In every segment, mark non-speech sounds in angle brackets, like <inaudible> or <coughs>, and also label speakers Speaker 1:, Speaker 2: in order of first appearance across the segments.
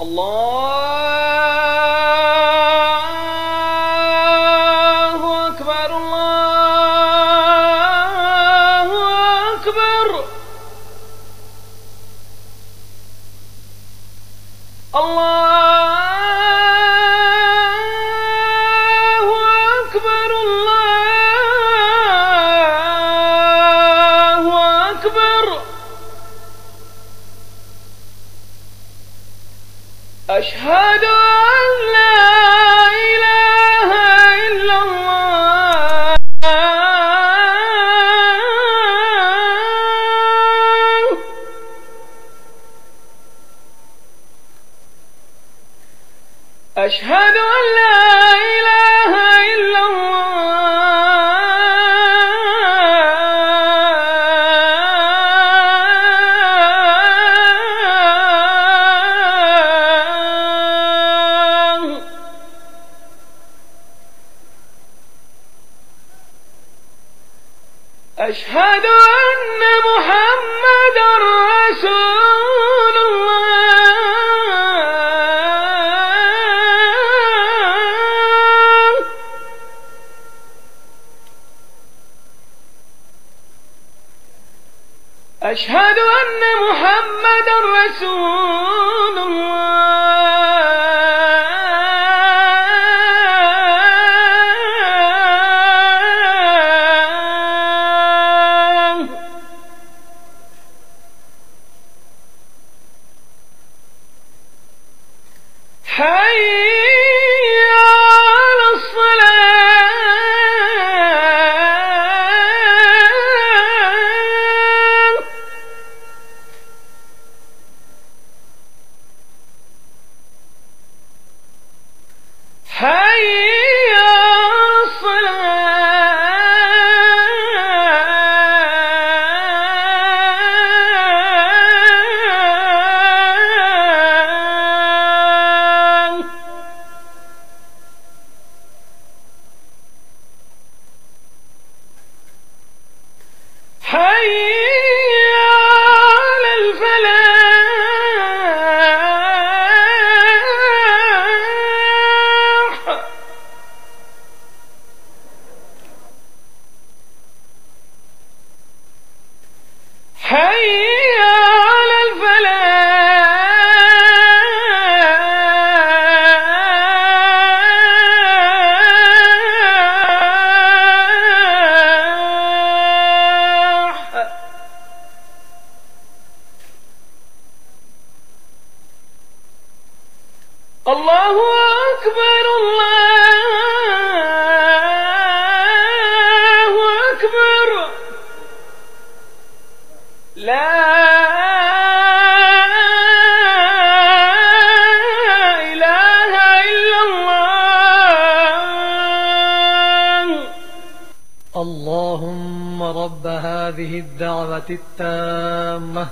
Speaker 1: Allah أشهد أن محمد رسول الله أشهد أن محمد رسول هذه الدعوة التامة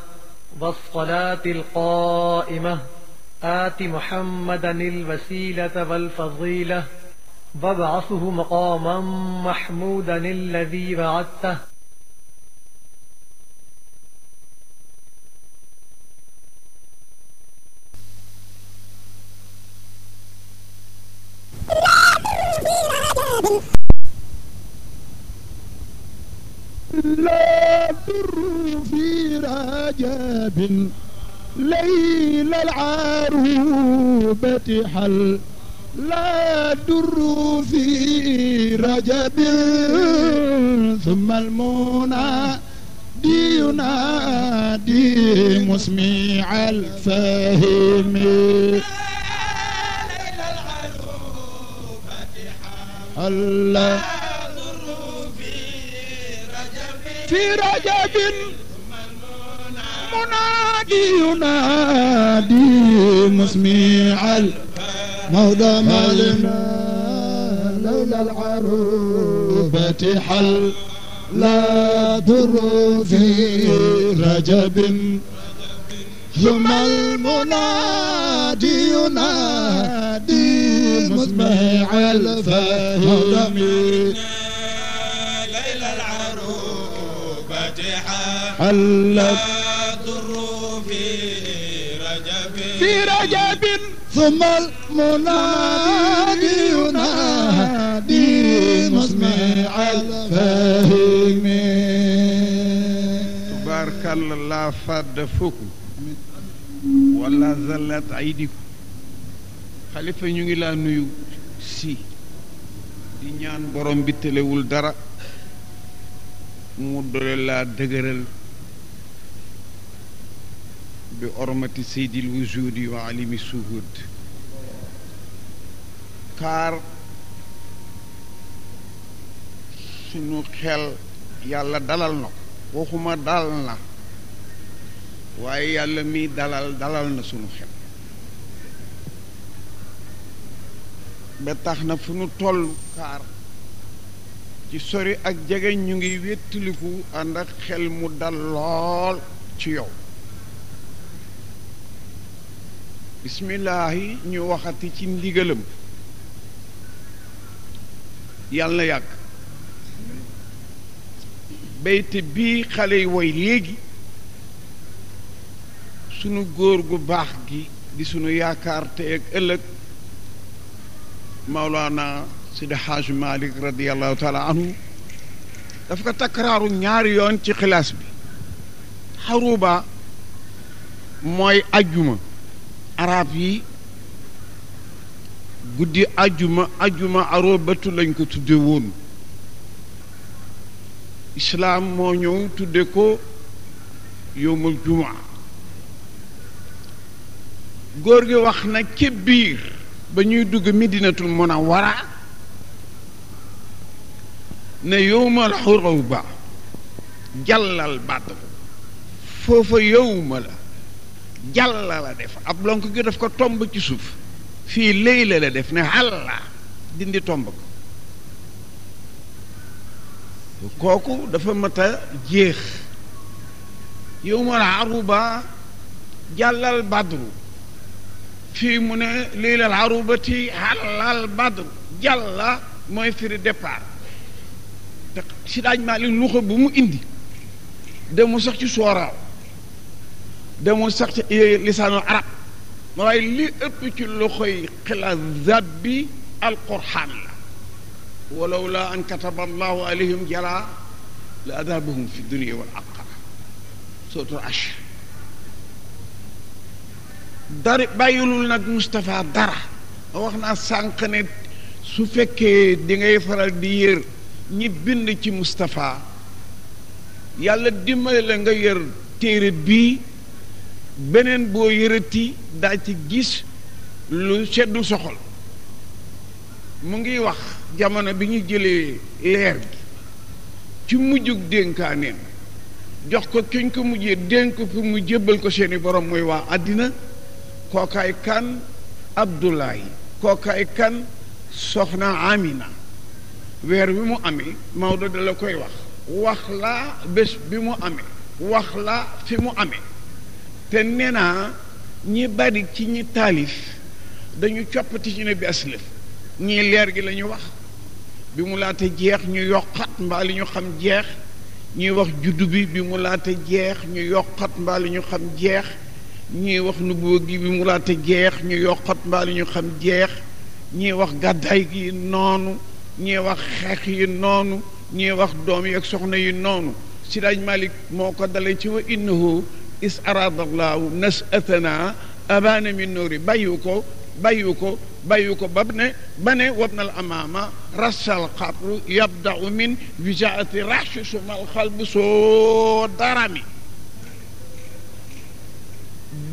Speaker 1: والصلاة القائمة آت محمدا الوسيلة والفضيلة وابعثه مقاما محمودا الذي وعدته
Speaker 2: No! تر في رجب ليل العروبة حل لا در في رجب ثم المنى دي ينادي مسميع الفهم الله في رجب منادي ينادي مسميع الموضى مالنا لولا العروبة حل لا ضر في رجب ثم المنادي ينادي مسميع الفهم حلت الدر في رجب في رجب ثم المنادي ينادي مسمع الفهم
Speaker 3: تبارك الله لا فرد فوكم ولا زلت ايديكم xalifa ñu ngi laa nuyu si di ñaan borom bi tëlewul dara mu dole laa dëgëral bi ormati seydil wujudi wa alimi suhud kaar suñu xel yàlla dalal na ko waxuma dalal na waaye yàlla mi dalal dalal na suñu xel ba tax na fu nu toll kaar ci sori ak jege ñu ngiy wéttiliku ànd ak xel mu dal lool ci yow bismillaahi ñu waxati ci ndigalam yàlla na yàgg béyte bii xale yi woy léegi sunu góor gu baax gi di sunu yaakaar te ak ëllëg Maulana. Sidi Xaaj Malik radiallahu taala anhu daf ko takraaru ñaari yoon ci xilaas bi xaruba mooy ajjuma arab yi guddi ajjuma ajjuma arobatu lañ ko tudde woon islaam moo ñëw tudde ko yowmul jumaa góor gi wax na ci biir ba ñuy dugg Medinatul Munawwara ne yowmal xuruw jàllal baat foofa yowma la jàlla la def ab lonk gi daf ko tomb ci suuf fii léyla la def ne xàlla dindi tomb ko kooku dafa mat a jéex yowmal aruba jàllal badru fii mu ne léylal arubati xàllal badru jàlla mooy firi départ te si daaj maali luxa bu mu indi demoo sax ci sooraaw demoo sax ci lisaanu arab ma waaye li ëpp ci loxoy xila zabbi alquraan la walaw laa an kataba allahu alayhim jara la adabahum fi dunia wal aqara naa sànq ne su fekkee di ngay faral di yër ñi bind ci Moustapha yàlla dimbali la nga yor téere bii beneen boo yërëti daa ci gis lu seddu soxol mu ngi wax jamono bi ñu jëlee leer gi ci mujjug dénkaaneen jox ko keñ ko mujjee dénk pour mu jébbal ko seeni borom mooy waa àddina kookaay kan Abdoulaye kookaay kan soxna Amina weer wi mu amee Maodo da la koy wax wax laa bés bi mu amee wax laa fi mu amee te nee naa ñi bari ci ñi taalif dañu coppati ci ne bees ñii leer gi la wax bi mu laata jeex ñu yokkat mbaa ñu xam jeex ñuy wax juddu bi bi mu laata jeex ñu yokkat ñu xam jeex ñuy wax nubuwa gi bi mu laata jeex ñu yokkat mbaa ñu xam jeex ñuy wax gàddaay gi noonu ñii wax xeex yi noonu ñii wax doom yi ak soxna yi noonu sidaaj malik moo ko dalee ci wa innahu is aradallahu nasatana abana min nouri bàyyu ko bàyyu ko ba ne ba ne wabnal amaama rassal xabru yabdau min wijaati rahsi sumal xalbu soo darami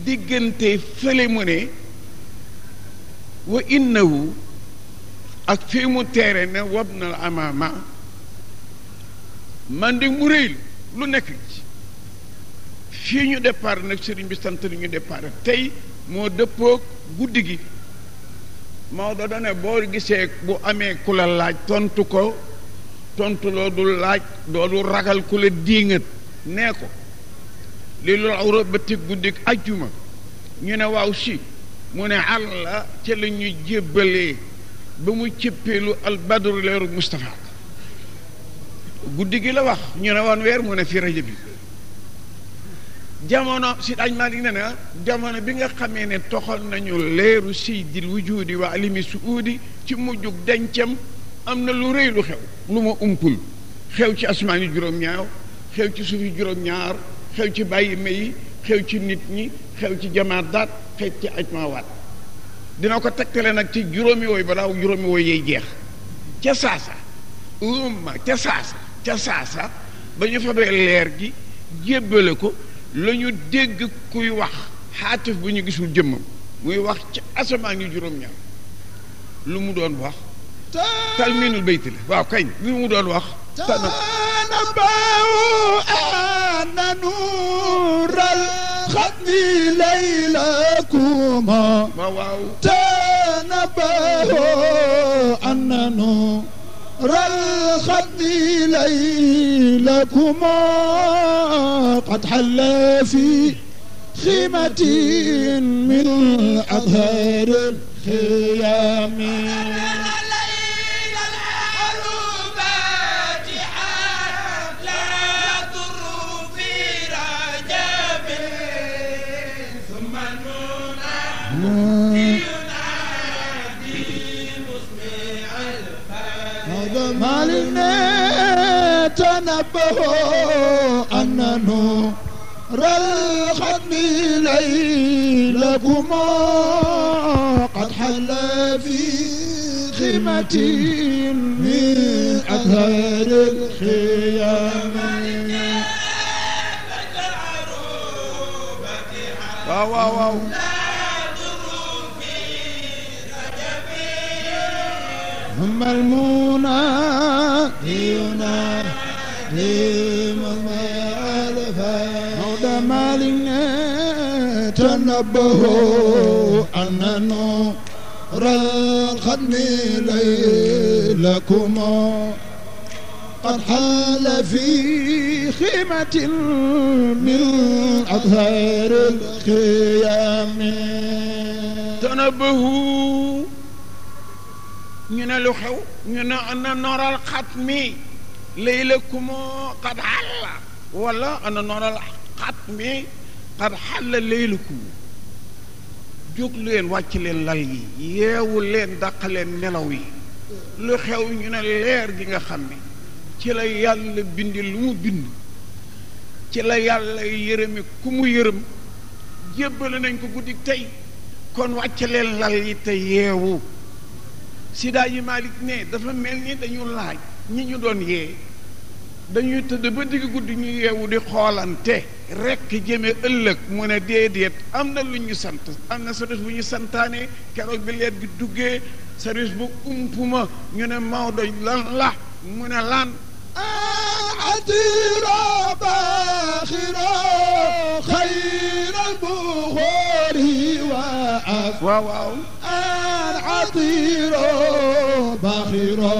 Speaker 3: diggante fële mu ne wa innahu ak fii mu teere ne wab na amaama man di mu réylu lu nekk ci fii ñu départ nag sëriñ bi sant ñu départ tey moo dëppoog guddi gi Maodo da boo gisee bu amee ku la laaj tontu ko tontu loo dul laaj doolu ragal ku la diiŋat nee ko li loolu awra bëti guddik ajjuma ñu ne waaw si mu ne àlla ca la ñu jébbalee ba mu cëppeelu albadru leeru Mustapha guddi gi la wax ñu ne woon weer mu ne fi rajo bi jamono si aj Maalik ne na jamono bi nga xamee ne toxal nañu leeru seydil wujudi wa alimi suudi ci mujjug dencam am na lu rëy lu xew lu ma umpul xew ci asmaan yi juróom-ñaaw xew ci suuf yi juróom-ñaar xew ci bàyyi ma xew ci nit ñi xew ci jamaat daat xew ci aj maawaat dina ko tegtale nag ci juróomi wooyu balaa juróomi wooyu yey jeex ca saasa umma ca saasa ca saasa ba ñu fabee leer gi jébbale ko la ñu dégg kuy wax xaatif bu ñu gisul jëmm muy wax ci asamaan yu juróom-ñaar lu mu doon wax talminul bayti la waaw kañ lu mu doon wax tana
Speaker 2: baaw ana nuural خدي ليلكما تنبهوا أن نور الخد ليلكما قد حل في خيمة من أظهر الخيام نبه أن نور الختم ليلكما قد حل في خيمة من أثار الخيام waaw waaw waaw هم المناديون تنبهوا أن نور الختم ليلكم قد حال في خيمة من أظهار الخيام تنبهوا
Speaker 3: ñu ne lu xew ñu ne ana noral xat mi layla kumoo xad xalla wala ana noonal xat mi xad xalla layla kumu jóg leen wàcc leen lal yi yeewu leen dàq leen nelaw yi lu xew ñu ne leer gi nga xam ne ci la yàlla bindi lu mu bind ci la yàlla yërëmi ku mu yërëm jébbale nañ ko guddi tey kon wàcc leen lal yi te yeewu Seydi Hadji Malick ne dafa mel ni dañu laaj ñi ñu doon yee dañuy tëdd ba digg guddi ñu yeewu di xoolante rekk jëme ëllëg mu ne déedéet am na lu ñu sant am na service bu ñu santaane keroog bi leet bi duggee service bu umpuma ñu ne Maodo lan la mu ne lan
Speaker 2: atira baaxira xayral bu xoori waa waaw waaw atira baaxira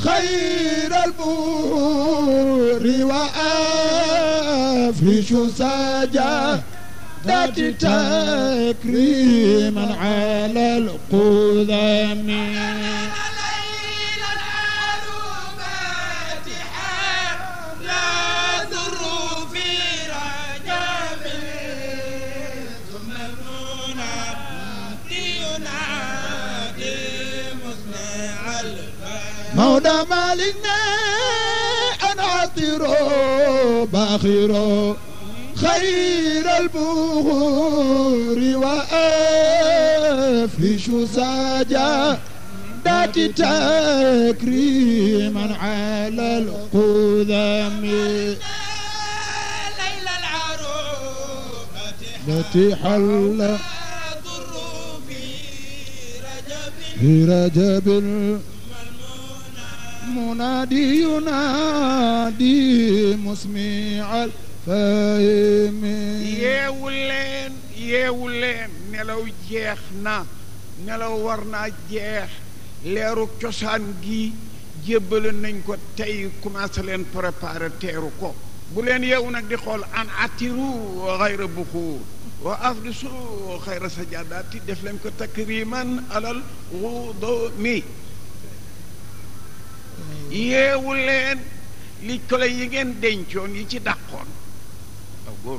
Speaker 2: خير البور وأفرش سجا ذات تكريما على القدم دما لنا أن عطروا باخروا خير البخور وأفرش ساجا ذات تكريما على القدم ليل العروبة التي حل في رجب في رجب منادي ينادي مسمع الفهم yeewu
Speaker 3: leen yeewu leen nelaw jeex na nelaw war naa jeex leeru cosaan gi jébbale nañ ko tey commencé leen préparer teeru ko bu leen yeewu nag di xool an attiru xayra buxuur wa afdisu xayra sajadaati def leen ko takriman alal xudumi yeewu leen li kole yi ngeen dencoon yi ci dàqoon aw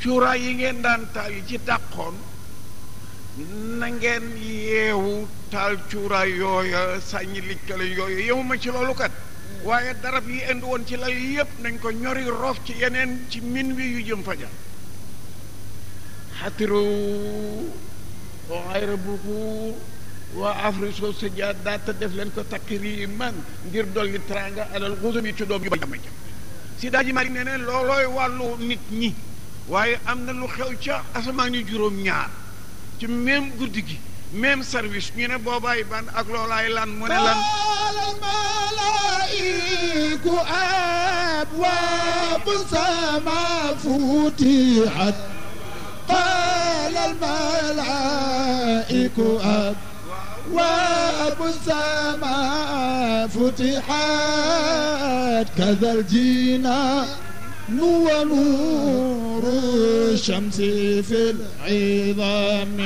Speaker 3: cuuraay yi ngeen daan taal yi ci dàqoon nangeen ngeen yeewu taal cuuraay yooya sàññi li kole yooya yow ma ci loolu kat waaye darab yi indi ci lal yépp nañ ko ñori roof ci yeneen ci min wi yu jëm fajar xatiru xayra buxuur waa afriso sajaadaata def leen ko takriman ngir dolli teraanga alal xusami ci doom yu ba jàmm si daa mari ne loolooy wàllu nit ñi waaye am na lu xew ca asamaan yu juróom-ñaar ci même guddi gi même service ñu ne boobaay ban loolaay lan mu ne lan
Speaker 2: ku abwaabu sama futihat qaala al malaa'iku ab أبواب السماء فتحت كذا الجنان ونور الشمس في العظام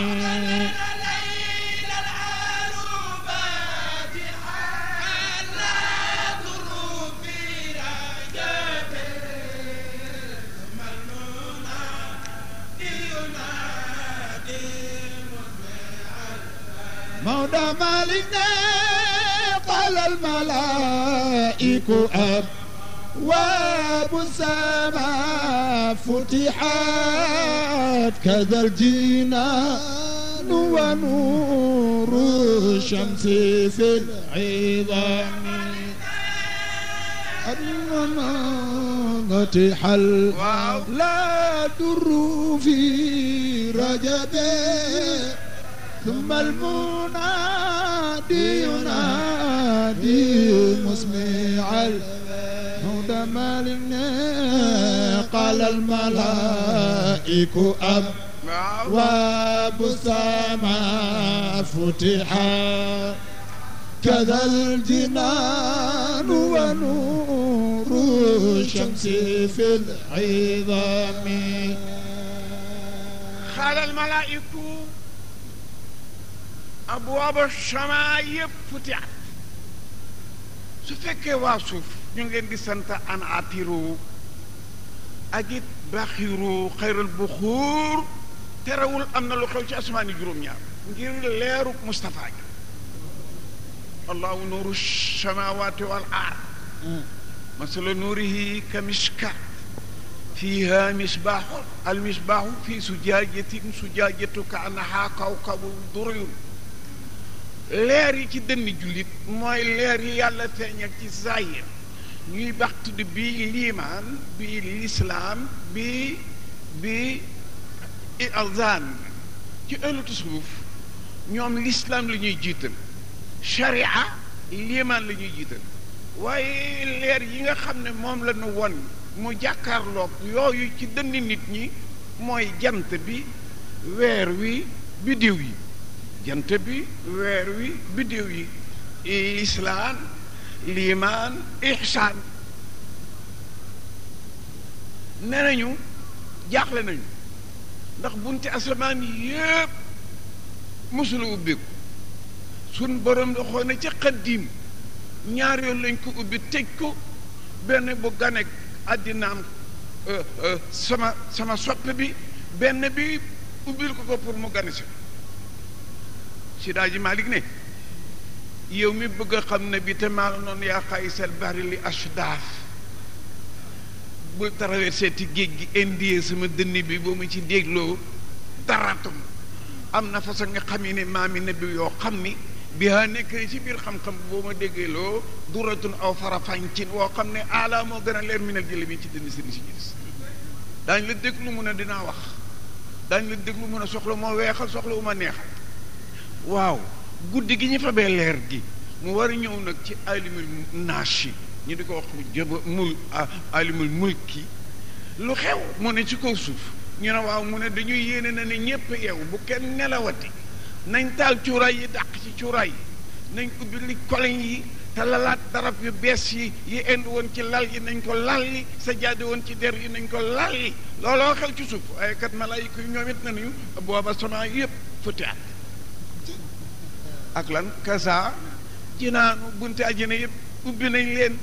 Speaker 2: عبد مالنا قال الملائك أب واب السماء فتحت كذا الجنان ونور الشمس في العظام المناضة حل لا در في رجبه ثم المنادي ينادي مسمع الهدى مالنا قال الملائك أب واب السماء فتحا كذا الجنان ونور الشمس في العظام
Speaker 3: قال الملائكة
Speaker 2: abwaaba
Speaker 3: sama yëpp futihat su fekkee waa suuf ñu ngi leen di sant an atiru ak baxiru xayral buxuur terewul am na lu xew ci asmaani juróom-ñaar ngir leeru Moustapha gi allahu nuuru ka mishkat fiiha misbaaxu al misbaaxu fii sujaajatin sujaajatu ka annaha kawkabu duruyun leer yi ci dënn jullit mooy leer yi yàlla feeñal ci zahir ñuy bax tudd bii liimaan bii lislaam bii bii alzan ci ëllëtu suuf ñoom lislaam lañuy jiital sharia liimaan la ñuy jiital waaye leer yi nga xam ne moom la ñu won mu jàkkaarloog yooyu ci dënn nit ñi mooy jant bi weer wi biddiw yi jant bi weer wi biddiw yi islaan liimaan ixsaan nee nañu jaaxle nañu ndax bunti asamaan yépp mosula ubbiku sun borom doxoon na ca xaddiim ñaar yoon lañ ko ubbi tëj ko benn bu ganek àddinaam euh, euh, sama sama soppe bi benn bi ubbil ko ko pour mu gane si si daaji Malik ne yow mi bëgg xam ne bi te maa la noonu yaa xaayisal bari li ashdaaf bul traverseeti géej gi indiyee sama dënn bi boo ma ci dégloo daratum am na façon nga xam yi ne maami nabi yoo xam ni bi haa nekk na ci biir xam-xam boo ma déggeeloo duratun aw farafancin woo xam ne ala moo gën a leer minal jële bi ci dënn seen si gis daañ la déglu mun a dinaa wax daañ la déglu mun a soxla moo weexal soxla uma neexal waaw guddi gi ñu fabee leer gi mu war a ñëw nag ci alimul naashi ñu di ko wax jëba mul alimul mulki lu xew mu ne ci kaw suuf ñu ne mu ne dañuy yéene na ne ñépp yeew bu kenn nelawati nañ taal cuuraay yi dàq ci cuuraay yi nañ ubbi li koleñ yi te lalaat darab yu bees yi yi indi woon ci lal yi nañ ko lal yi sa jaade woon ci der yi nañ ko lal yi looloo xew ci suuf waaye kat malaayika yi ñoom it nañu booba sonaa yépp futti at ak lan kasa jinaanu bunte àjjana yëpp ubbi nañ leen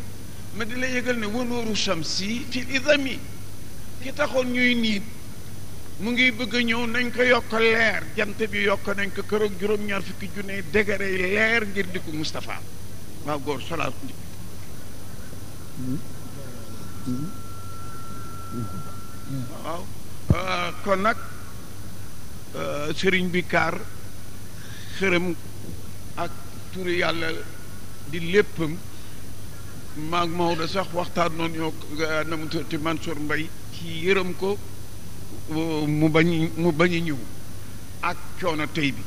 Speaker 3: ma di la yëgal ne wanooru shamsi fi idami ki taxoon ñuy niit mu ngi bëgg a ñëw nañ ko yokk leer jant bi yokk nañ ko këroog juróom-ñaar fukki junne degere leer ngir dikku Moustapha waaw góor solaat waaw euh, kon nag euh, sëriñ bi kaar xërëm turi yàlla di léppam maag Maodo sax waxtaan noonu ñoo na mu ti Mansour Mbaye ci yërëm ko euh, mu bañ mu bañ ñëw ak coono tey bi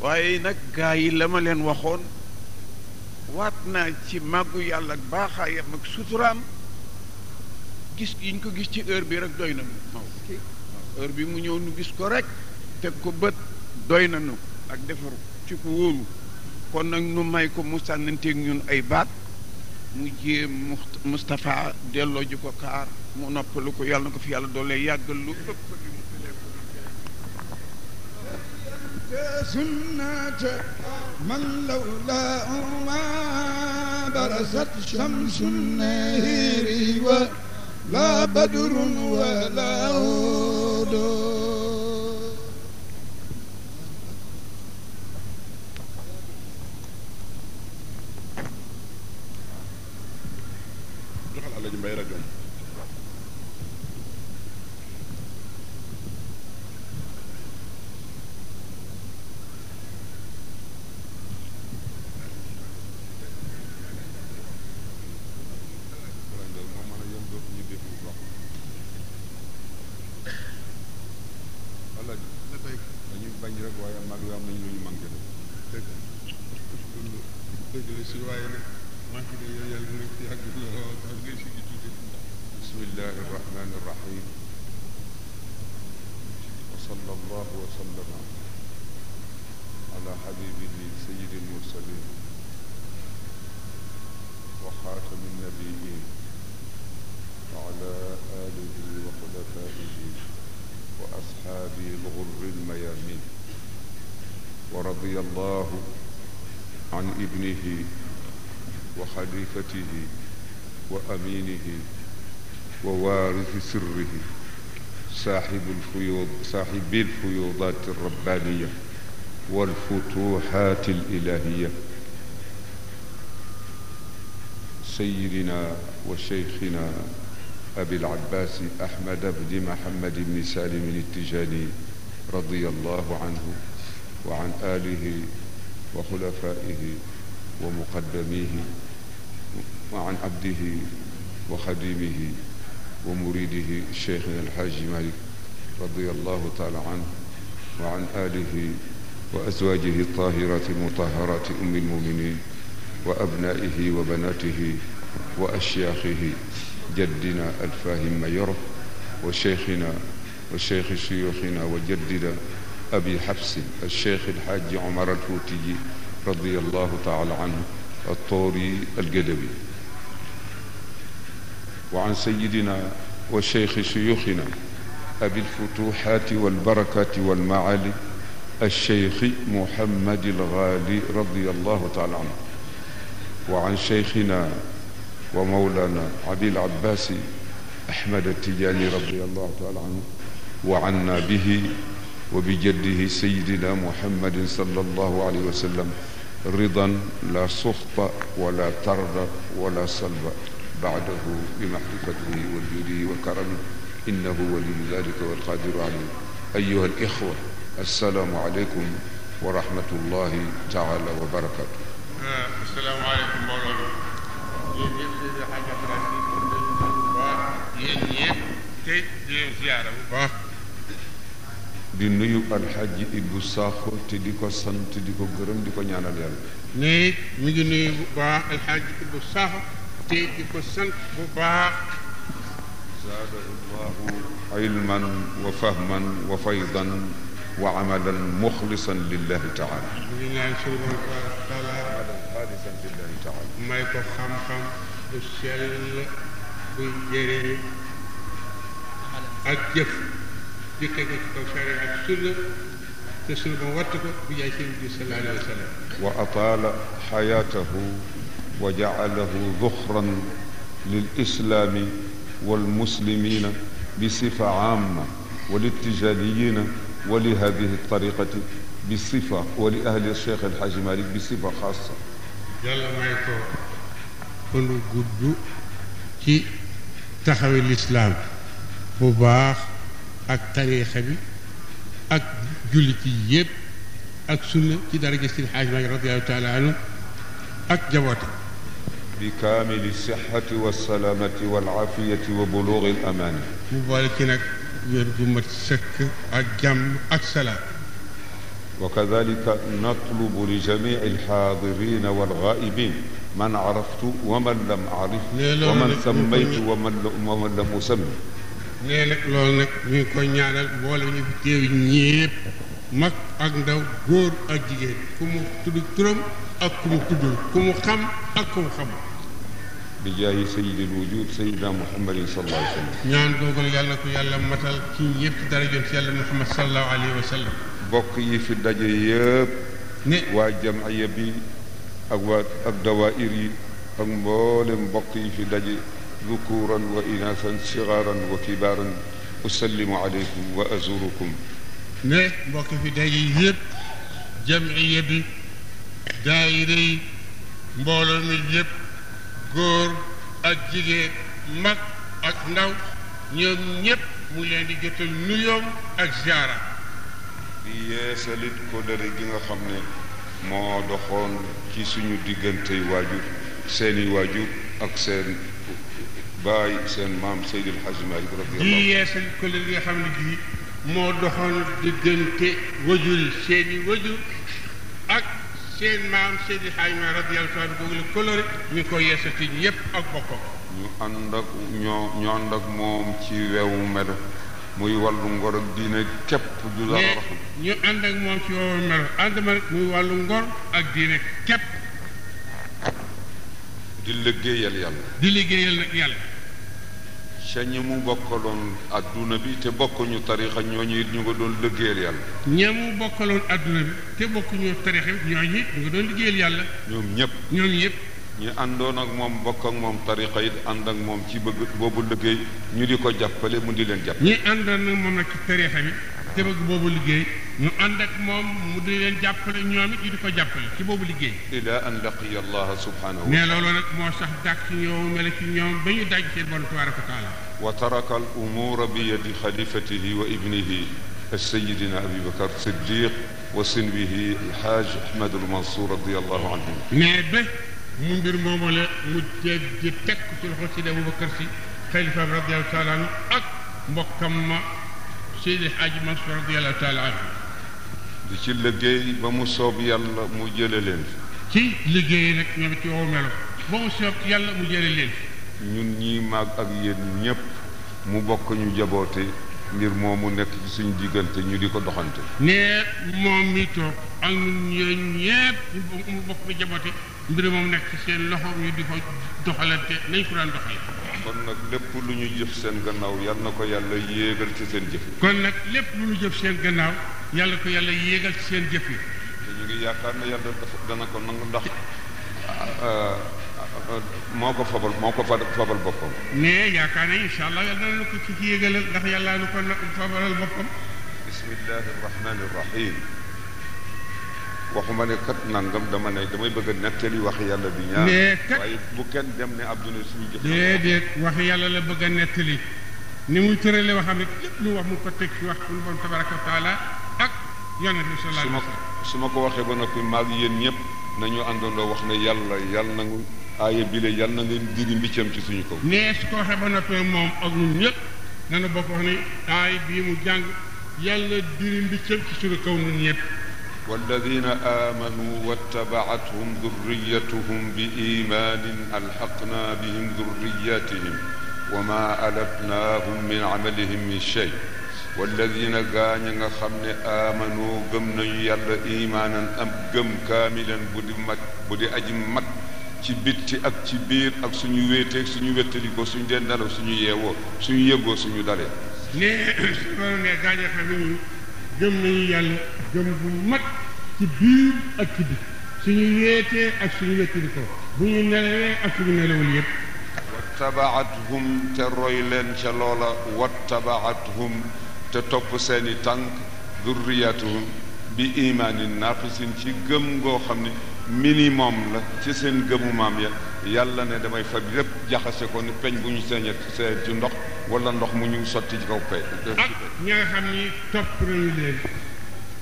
Speaker 3: waaye nag gaa yi la ma leen waxoon waat naa ci màggu yàlla ak baaxaayam ak suturaam gis yiñ ko gis ci heure bi rek doy na nu heure bi mu ñëw nu gis ko rek teg ko bët doy na nu ak defaru ci ko wóoru kon nag nu may ko mu sànnanteeg ñun ay baat mu jiyee Moustapha delloo ju ko kaar mu noppalu ko yàlla na ko fi yàlla doole yàggal ëpp
Speaker 2: man lawla ma barasat shamsu nahiri wa la badrun wa la hudu
Speaker 4: حبيبه سيد المرسلين وخاتم النبيين وعلى آله وخلفائه وأصحابه الغر الميامين ورضي الله عن ابنه وخليفته وأمينه ووارث سره صاحب الفيوض صاحب الفيوضات الربانيه والفتوحات الإلهية سيدنا وشيخنا أبي العباس أحمد بن محمد بن سالم التجاني رضي الله عنه وعن آله وخلفائه ومقدميه وعن عبده وخديمه ومريده شيخنا الحاج مالك رضي الله تعالى عنه وعن آله wa azwaajihi taahiraati mutahharaati ummi lmu'miniin wa abnaa'ihi wa banaatihi wa ashyaaxihi jaddinaa alfaahim Mayoro wa sheykhinaa wa sheykhi suyuuxinaa wa jaddinaa abii Habsin asheykhi alxaaji Omar alfuutiyi radiyallaahu ta'aalaa anhu attoori algadawi wa an sayyidinaa wa sheykhi suyuuxinaa abil futuuhaati wal barakaati wal macaali الشيخ محمد الغالي رضي الله تعالى عنه وعن شيخنا ومولانا أبي العباس أحمد التجاني رضي الله تعالى عنه وعنا به وبجده سيدنا محمد صلى الله عليه وسلم رضا لا سخط ولا ترب ولا سلب بعده بمحبته وجوده وكرمه إنه ولي ذلك والقادر عليه أيها الإخوة asalaamualeykum wa rahmatullahi taala wa barakaatu.
Speaker 5: asalaamualeykum mbooloo mi. yéen ñëpp di leen xaajal rajo bi pour nga ñu bu baax. yéen ñëpp tey di leen ziyaara bu baax.
Speaker 4: di nuyu alxaaji Ibou Sakho te di ko sant di ko gërëm di ko ñaanal yàlla.
Speaker 5: nii mi ngi nuyu bu baax alxaaji Ibou Sakho te di ko sant bu baax. zaadahu llahu
Speaker 4: ilman wa fahman wa faydan wa amalan muxlisan lillahi taala
Speaker 5: ñu ñaan suñu borom taala amalan xaalisan lillahi taala may ko xam-xam bu sell buy jëriñ ak jëf ju tegu ci kaw sharia ak sunna te suñu borom watt ko bu jaay seen bi sallallahu alayhi wa sallam
Speaker 4: wa ataala xayaatahu wa jacalahu zuxran lil islaami wal muslimiina bi sifa aama wal ittijaaliyina wa li hadihi tariqati bi sifa wa li ahli cheikh alxaaji malik bi sifa xaasa
Speaker 5: yàlla may ko fanu gudd ci taxawe lislaam bu baax ak tariixa bi ak jullit yi yépp ak sunna ci daraja si alxaaji malik radiallahu taala anhu ak jaboote
Speaker 4: bi kaamili sixati wa salaamati wal aafiyati wa buluugi al amaani
Speaker 5: mu boole ci nag wér gu mat sëkk ak jàmm ak salaam
Speaker 4: wa kadalika natlubu li jamii alxaadirina walxaaibin man araftu wa man lam arif wa man sammaytu wa man wa man lam usammi
Speaker 5: nee nag loolu nag ñu ngi koy ñaanal mboolem ñu fi teew ñépp mag ak ndaw góor ak jigéen ku mu tudd turam ak ku mu tuddul ku mu xam ak ku mu xamul
Speaker 4: bi jaayi sayyidil wujud sayyidina muhammadin sallallahu alayhi wa sallam
Speaker 5: ñaan googu yàlla ko yàlla matal ci ñëpp dara jot ci yàlla muhammad sallallahu alayhi wa sallam
Speaker 4: bokk yi fi daje yëpp ne waa jamaya bi ak waa ak dawaayir yi ak mboolem bokk yi fi daje dukuran wa inaasan sigaaran wa kibaaran usallimu aleykum wa azurukum
Speaker 5: ne mbokk fi daje yëpp jamiya bi daayira yi mbooloo mi yëpp góor ak jigéen mag ak ndaw ñoom ñépp mu leen di jotal nuyoom ak ziara
Speaker 4: di yeesalit kóllëre gi nga xam ne moo doxoon ci suñu diggantey waajur seeni waajur ak seen baay seen maam Seydil Hadji Malick radiyallahu
Speaker 5: yeesalit kóllëre nga xam ne bii moo doxoon diggante wajur seeni wajur seen maam Seydi Hadji Malick radiyallahu anhu googu la coloré ñu ngi koy yeesati ak bokkam
Speaker 4: ñu ànd ak ñu ànd ak moom ci weewu mel muy wàllu ngor ak diine képp du la wax
Speaker 5: ñu ànd ak moom ci weewu mel ànd muy wàllu ngor ak diine képp
Speaker 4: di liggéeyal yàlla
Speaker 5: di liggéeyal nag yàlla
Speaker 4: ca ñi mu bokkaloon adduna bi te bokkuñu tarixa ñooñu it ñu nga doon liggéeyal yàlla
Speaker 5: ña mu bokkaloon adduna bi te bokkuñu tarixa ñooñu it ñu nga doon
Speaker 4: liggéeyal yàlla ñoom ñëpp ñoom ñëpp ñu àndoon ak moom bokk ak moom tarixa it ànd ak moom ci bëgg boobu liggéey ñu di ko jàppale mu di leen jàppale ñi àndoon ak moom nag ci
Speaker 5: tarixa bi te bëgg boobu liggéey ñu ànd ak moom mu di leen jàppale ñoom it ñu di ko jàppale ci boobu liggéey
Speaker 4: ila an laqiya allah subhanahu ne loolu nag
Speaker 5: moo sax dàq ci ñoom mel ci ñoom ba ñu daj seen bon tabaraka wa taala
Speaker 4: wa taraka al umura bi yadi xalifatihi wa ibnihi sayidina abi bakar siddiq wa sinwihi alhaaj ahmad al mansour radiallahu anhum
Speaker 5: ne ba mu mbir moomu la mu jéeg ji tekk ci loxo si Abubakar si xalifaam radiallahu taala anu ak mbokkam ma Seydi Hadji Mansour radiyallahu taala anhu
Speaker 4: di ci liggéey ba mu soob yàlla mu jële leen
Speaker 5: ci liggéey nag ñoom ci wow melo ba mu soob yàlla mu jële leen
Speaker 4: ñun ñii maag ak yéen ñépp mu bokk ñu jaboote mbir moomu nekk ci suñu diggante ñu di ko doxante
Speaker 5: ne moom mi toog ak ñun yéen ñépp mu bokk jaboote mbir moom nekk ci seen loxo ñu di ko doxalante nañ ko daan
Speaker 4: kon nag lépp lu ñu jëf seen gannaaw yal na ko yàlla yéegal ci seen jëf
Speaker 5: kon nag lépp lu ñu jëf seen gannaaw yal ko yàlla yéegal ci seen jëf yi. ñu
Speaker 4: ngi yaakaar ne yàlla dafa dana ko nangu ndax ah, ah, ah, moo ko fabal moo ko fabal boppam.
Speaker 5: mais yaakaar ne incha allah yàlla dana ko ci yéegalal ndax yàlla na ko fabalal boppam.
Speaker 4: bismillahi rahmani rahim. waxuma ne kat nangam dama ne damay bëgg a nettali wax yàlla bi ñaar mais waaye bu kenn dem ne Abdoulaye suñu jëf déedéet
Speaker 5: wax yàlla la bëgg a nettali ni muy tërale waxam it lépp lu wax mu ko teg ci wax suñu borom tabaraka wa taala ak yonent bi sallallahu alayhi
Speaker 4: su ma ko waxe ba noppi maag yéen ñëpp nañu àndandoo wax ne yàlla yàlla nangu aaya bi la yàlla na ngeen diri mbiccam ci suñu kaw
Speaker 5: mais su ko waxee ba noppi moom ak ñun ñëpp nanu bokk wax ne aaya bii mu jàng yàlla diri mbiccam ci suñu kaw
Speaker 4: والذين آمنوا واتبعتهم ذريتهم بإيمان ألحقنا بهم ذرياتهم وما ألتناهم من عملهم من شيء والذين gaañ nga xam ne amanu gëm nañu yàlla imaanan am gëm kaamilan bu di mag bu di aji mag ci bitti ak ci biir ak suñu wéeteeg suñu wéttalikoo suñu dee nelaw suñu yeewoo suñu yëgoo suñu dale
Speaker 5: <coughs> gëm nañu yàlla gëm bu mag ci biir ak ci bi ak suñu wettili ko bu ñu nelawee ak suñu nelawul yépp
Speaker 4: wattabaathum te roy leen ca loola wattabaathum te topp seeni tànk durriyatuhum bi imaanin naaqisin ci gëm ngoo xam ne minimum la ci seen gëmu maam ya yàlla ne damay fab lépp jaxase ko ni peñ bu ñu seeñee seet ci ndox wala ndox mu ñu sotti ci kaw peñ ak
Speaker 5: ñi nga xam ni topp nañu leen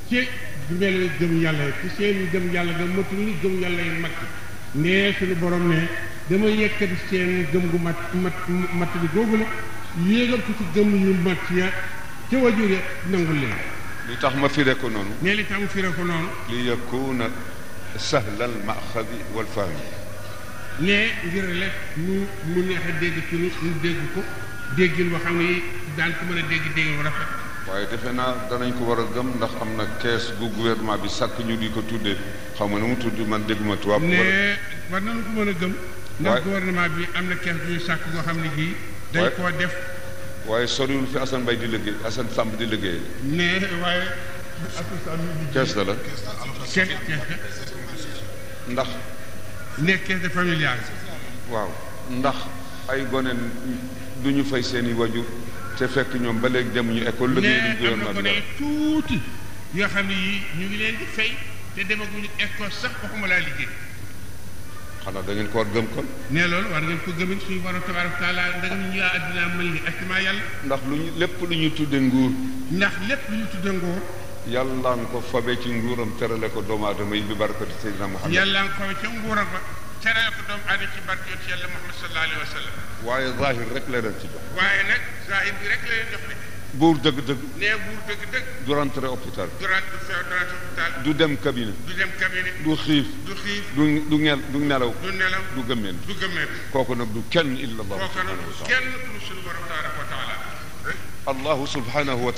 Speaker 5: ci jumel gëm yàlla yi ci seen gëm yàlla ga gëm yàlla yi matt mat mat googu la yéegal ko ci wajur ya nangul leen
Speaker 4: li tax ma firé ko noonu ne li tax ma firé ko noonu li yakuna sahlal maxadi wal
Speaker 5: ne ngir rek ñu mu neex a dégg ci ñu ñu dégg ko déggin boo xam ne daan ko mën a dégg dégg bu rafet. waaye defe
Speaker 2: naa
Speaker 4: danañ ko war a gëm ndax am na kees gu gouvernement bi sàkk ñu di ko tuddee xaw ma nu mu tudd man dégguma tubaab. ne
Speaker 5: war nañu ko mën a gëm. ndax gouvernement bi am na kees gu ñu sàkk goo xam ne gii. dañ koo def.
Speaker 4: waaye soriwul fi Assane Mbaye di liggéey Assane Samb di liggéey.
Speaker 5: ne waaye. kees da la kees kees ndax. nekkee de familiarisé
Speaker 4: waaw ndax ay gone du ñu fay seeni i wajur te fekk ñoom ba léegi demuñu école liggéey duñ am na gone
Speaker 5: tuuti yoo xam ne yii ñu ngi leen di fay te demaguñu école sax ma laa liggéey
Speaker 4: xanaa da ngeen ko war gëm kon
Speaker 5: ne loolu war ngeen ko gëmit suñu borom tabaaraka taala yàlla ndax lu lépp lu ñu tudde nguur ndax lépp lu
Speaker 4: ñu tudde nguur yàlla nga ko fabe ci nguuram terale ko doomu aadama yi bi barakati Seydina Muhammad yàlla
Speaker 5: nga ko fabe ci nguuram ba terale ko doomu aadama ci barke yonent yàlla Muhammad sallallahu alayhi wa sallam
Speaker 4: waaye zahir rek la leen ci jox
Speaker 5: waaye nag zahir bi rek la leen jox
Speaker 4: de buur du rentré hôpital. du dem cabinet.
Speaker 5: du dem cabinet. du xiif. du xiif
Speaker 4: du du ngel du nelaw. du nelaw du gëmmeen. du gëmmeen. kooku nag du kenn illa Allah. kooku nag du kenn. allahu subhanahu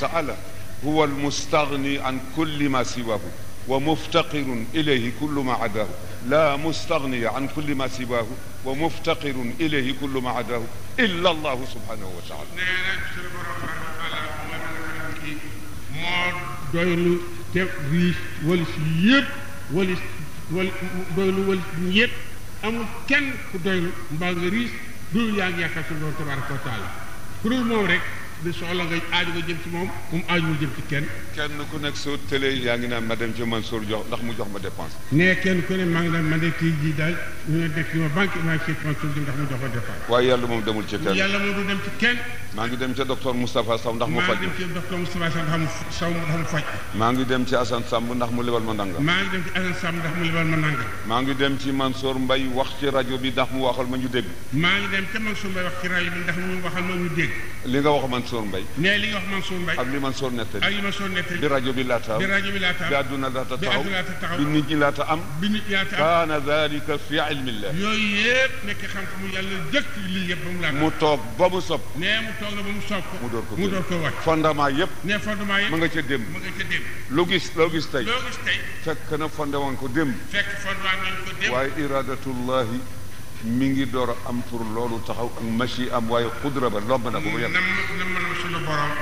Speaker 4: huwa almustagni an kulli ma siwahu wa muftaqirun ilayhi kullu ma adahu la mustagniya an kulli ma siwahu wa muftaqirun ilayhi kullu ma adahu
Speaker 5: illa allahu subhanahu wa taala moo doylu te riis walis yëpp walis wal doylu walis yëpp amul kenn ku doylu mbaa nga riis dul yaa ngi yaakaar suñu borom tabaraka wa taala ku dul moom rek ne soxla nga aaju nga jëm moom mu aajuwul jëm kenn.
Speaker 4: kenn ku nekk soo tëlee yaa ngi naan ma dem ci Mansour jox ndax mu jox ma dépense.
Speaker 5: nee kenn ku ne maa ngi naan ma ne kii ji daal. ñu def ci ma banque maa ngi ci Ousmane Sonko ndax mu jox ma départ.
Speaker 4: waaye yàlla moom demul ci kenn. yàlla moom du dem ci kenn. maa ngi dem ca docteur Moustapha Sow ndax mu faj. maa ngi dem
Speaker 5: ci docteur Moustapha Sow ndax mu Sow ndax mu faj.
Speaker 4: maa ngi dem ci Assane Samb ndax mu lebal ma ndànga. maa
Speaker 5: ngi dem ci Assane Samb ndax mu lebal ma ndànga.
Speaker 4: maa ngi dem ci Mansour Mbaye wax ci rajo bi ndax mu waxal ma ñu dégg.
Speaker 5: maa ngi dem ca Mansour Mbaye wax ci rajo
Speaker 4: bi ndax mu waxal ma ñu dégg. li nga wax Mansour Mbaye. nee li nga wax Mansour Mbaye. ak li Mansour nettali. ak li Mansour nettali. bi rajo bi laata. bi rajo bi laata. bi àdduna laata taxaw. bi nit ñi laata am. bi nit ñi laata am. kaana zaalika fi
Speaker 5: ilmillah yooyu yëpp nekk xam-xamu yàlla jëkk lii yëpp ba mu laal mu toog ba mu sob nee mu toog la ba mu sob mu door ko mu door
Speaker 4: ko wàcc fondement yëpp nee fondement yëpp ma nga ca démb ma nga ca démb lu gis loo gis tey loo gis tey fekk na fondement ko démb
Speaker 5: fekk fondement nañ ko
Speaker 4: démb waaye iradatullahi mi ngi door a am pour loolu taxaw ak machi am waaye xudra ba lomb na ko mu yem nam
Speaker 5: nam suñu borom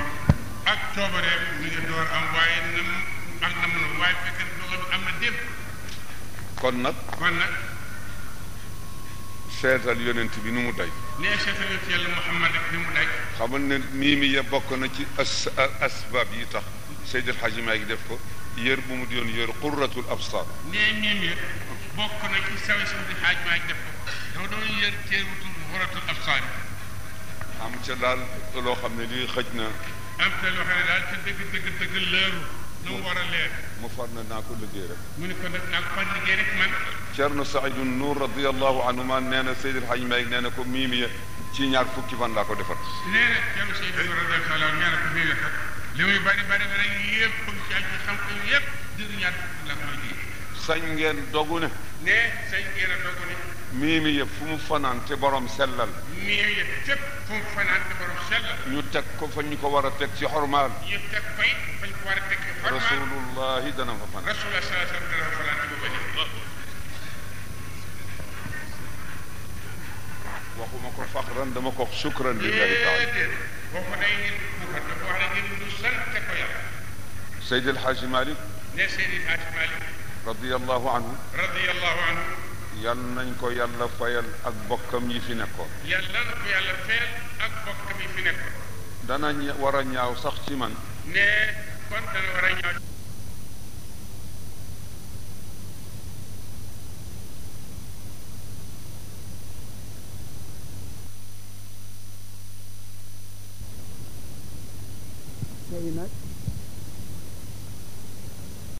Speaker 5: ak coobareem mi ngi door am waaye nam ak nam waaye fekk na dogal am na démb kon nag kon nag
Speaker 4: seetal yonent bi nu mu daj.
Speaker 5: nee seetal yonent yàlla Muhammad ak ni mu daj.
Speaker 4: xamal ne miimi ya bokk na ci as asbaab yi tax Seydi El Hadji Malick def ko yër bu mu doon yër qurratul absar.
Speaker 5: nee miimi ya bokk na ci sawi Seydi El Hadji Malick def ko dafa doon yër teewutul qurratul absar.
Speaker 4: am ca daal loo xam ne lii xëj na.
Speaker 5: am ca loo xam ne daal ca dëgg dëgg dëgg leeru. nu
Speaker 4: mu war a ko liggéey rek. mu ne ko nag naa ko man. Thierno Saïdou Nour radiyallahu anhuma nee na Seydi El Hadji Malick nee na ko miimiya ci ñaar fukki fan laa ko defar.
Speaker 5: nee na Thierno Saïdou Nour radiyallahu ko miimiya kat bari bari rek yëpp bëgg ci ak xam-xam yëpp dina ñaar fukki fan laa
Speaker 4: sañ ngeen dogu
Speaker 5: ne sëñ Iran dogu ne.
Speaker 4: mii mi yëpp fu mu fanaan te borom sellal.
Speaker 5: mii yëpp fépp fu mu fanaan te borom sellal.
Speaker 4: ñu teg ko fa ñu ko war a teg ci xormaal.
Speaker 5: ñu teg ko it fa ñu ko war a teg ci xormaal.
Speaker 4: rasulullahi dana fa fanaan. rasulullah
Speaker 5: sallallahu alayhi wa sallam dana fa fanaan ci
Speaker 4: boppam waxuma ko faqran dama ko sukran lillahi taala
Speaker 5: boo day ngeen wax ne ngeen sant ko yàlla.
Speaker 4: Seydi El Hadji Malick.
Speaker 5: ne Seydi El Hadji Malick.
Speaker 4: radiyallahu anhu nañ ko yàlla fayal ak bokkam yi fi nekkoon
Speaker 5: yal ko yàlla fayal
Speaker 4: war a ñaaw sax ci man
Speaker 5: ne kon dana
Speaker 3: war a ñaaw tey